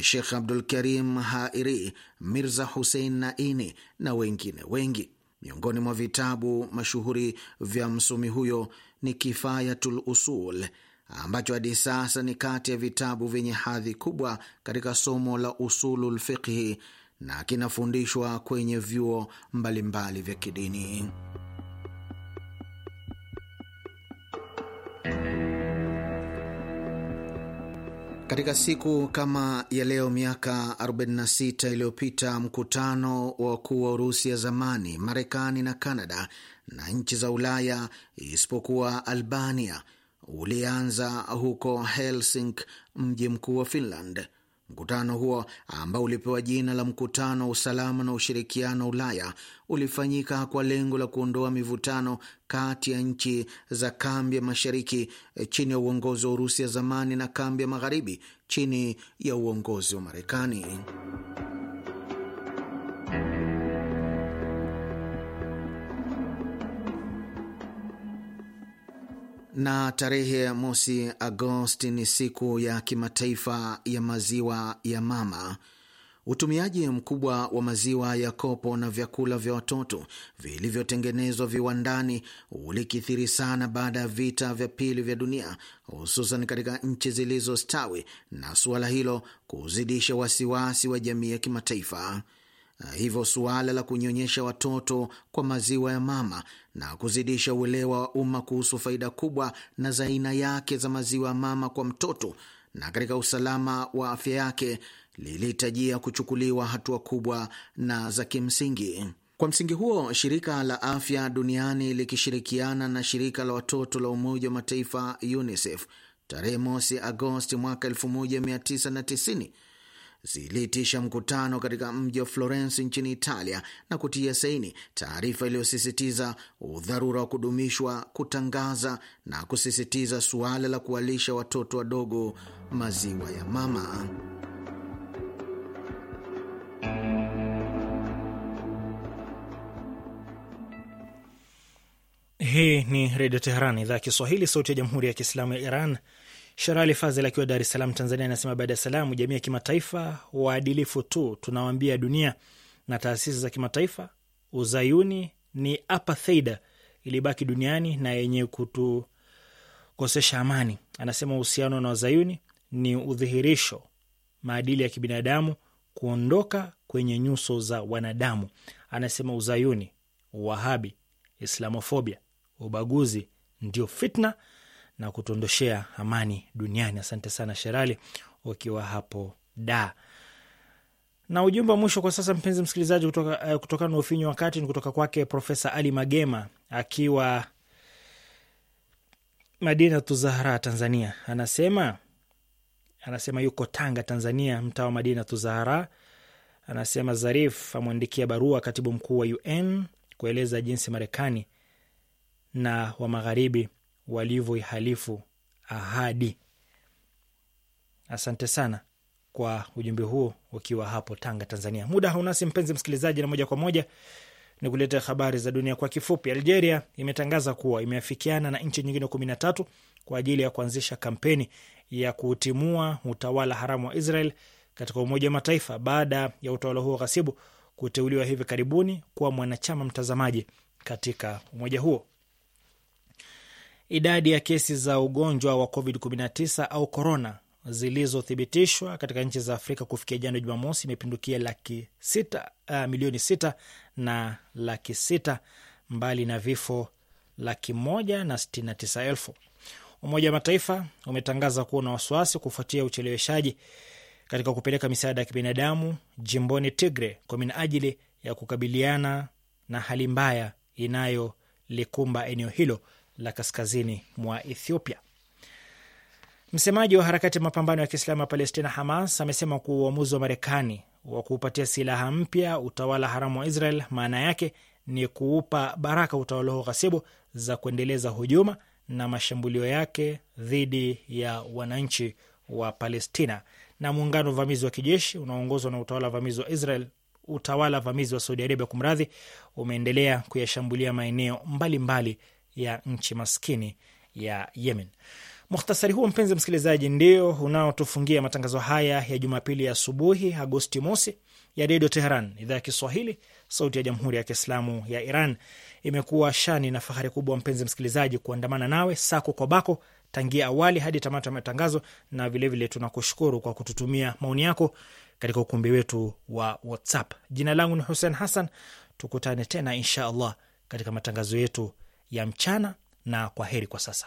Shekh Abdul Karim Hairi, Mirza Husein Naini na wengine wengi. Miongoni mwa vitabu mashuhuri vya msomi huyo ni Kifayatul Usul ambacho hadi sasa ni kati ya vitabu vyenye hadhi kubwa katika somo la usulul fiqhi na kinafundishwa kwenye vyuo mbalimbali vya kidini. Katika siku kama ya leo miaka 46 iliyopita mkutano wa wakuu wa Urusi ya zamani, Marekani na Kanada na nchi za Ulaya isipokuwa Albania ulianza huko Helsinki, mji mkuu wa Finland. Mkutano huo ambao ulipewa jina la mkutano wa usalama na ushirikiano wa Ulaya ulifanyika kwa lengo la kuondoa mivutano kati ya nchi za kambi ya mashariki eh, chini ya uongozi wa Urusi ya zamani na kambi ya magharibi chini ya uongozi wa Marekani. na tarehe ya mosi Agosti ni siku ya kimataifa ya maziwa ya mama. Utumiaji mkubwa wa maziwa ya kopo na vyakula vya watoto vilivyotengenezwa viwandani ulikithiri sana baada ya vita vya pili vya dunia, hususan katika nchi zilizostawi, na suala hilo kuzidisha wasiwasi wa jamii ya kimataifa. Hivyo suala la kunyonyesha watoto kwa maziwa ya mama na kuzidisha uelewa wa umma kuhusu faida kubwa na za aina yake za maziwa ya mama kwa mtoto na katika usalama wa afya yake lilihitajia kuchukuliwa hatua kubwa na za kimsingi. Kwa msingi huo, shirika la afya duniani likishirikiana na shirika la watoto la Umoja wa Mataifa UNICEF tarehe mosi Agosti mwaka 1990 ziliitisha mkutano katika mji wa Florence nchini Italia na kutia saini taarifa iliyosisitiza udharura wa kudumishwa, kutangaza na kusisitiza suala la kuwalisha watoto wadogo maziwa ya mama. Hii ni Redio Teheran, idhaa ya Kiswahili, sauti ya Jamhuri ya Kiislamu ya Iran Sherali Fazel akiwa Dar es Salaam, Tanzania, anasema baada ya salamu, jamii ya kimataifa waadilifu tu, tunawaambia dunia na taasisi za kimataifa, uzayuni ni apatheida ilibaki duniani na yenye kutukosesha amani. Anasema uhusiano na wazayuni ni udhihirisho maadili ya kibinadamu kuondoka kwenye nyuso za wanadamu. Anasema uzayuni, uwahabi, islamofobia, ubaguzi ndio fitna na kutuondoshea amani duniani. Asante sana Sherali ukiwa hapo da na ujumbe wa mwisho kwa sasa, mpenzi msikilizaji, eh, kutokana kutoka na ufinyu wakati ni kutoka kwake Profesa Ali Magema akiwa Madina Tuzahara, Tanzania. Anasema anasema yuko Tanga, Tanzania, mtaa wa Madina Tuzahara. Anasema Zarif amwandikia barua katibu mkuu wa UN kueleza jinsi Marekani na wa Magharibi walivyoihalifu ahadi. Asante sana kwa ujumbe huo ukiwa hapo Tanga, Tanzania. Muda haunasi mpenzi msikilizaji, na moja kwa moja ni kuletea habari za dunia kwa kifupi. Algeria imetangaza kuwa imeafikiana na nchi nyingine kumi na tatu kwa ajili ya kuanzisha kampeni ya kutimua utawala haramu wa Israel katika Umoja wa Mataifa baada ya utawala huo ghasibu kuteuliwa hivi karibuni kuwa mwanachama mtazamaji katika umoja huo idadi ya kesi za ugonjwa wa COVID-19 au corona zilizothibitishwa katika nchi za Afrika kufikia jana Jumamosi imepindukia laki sita, uh, milioni sita na laki sita mbali na vifo laki moja na sitini na tisa elfu. Umoja wa Mataifa umetangaza kuwa na wasiwasi kufuatia ucheleweshaji katika kupeleka misaada ya kibinadamu jimboni Tigre kwa minajili ya kukabiliana na hali mbaya inayolikumba eneo hilo la kaskazini mwa Ethiopia. Msemaji wa harakati ya mapambano ya Kiislamu ya Palestina, Hamas, amesema kuwa uamuzi wa Marekani wa kuupatia silaha mpya utawala haramu wa Israel maana yake ni kuupa baraka utawala huo ghasibu za kuendeleza hujuma na mashambulio yake dhidi ya wananchi wa Palestina. Na muungano wa vamizi wa kijeshi unaoongozwa na utawala vamizi wa Israel, utawala vamizi wa Saudi Arabia kumradhi, umeendelea kuyashambulia maeneo mbalimbali ya nchi maskini ya Yemen. Mukhtasari huo mpenzi msikilizaji, ndio unaotufungia matangazo haya ya Jumapili ya asubuhi, Agosti mosi, ya Redio Teheran, idhaa ya Kiswahili, sauti ya Jamhuri ya Kiislamu ya Iran. Imekuwa shani na fahari kubwa, mpenzi msikilizaji, kuandamana nawe sako kwa bako tangia awali hadi tamati ya matangazo, na vilevile tunakushukuru kwa kututumia maoni yako katika ukumbi wetu wa WhatsApp. Jina langu ni Hussein Hassan, tukutane tena insha Allah katika matangazo yetu ya mchana, na kwa heri kwa sasa.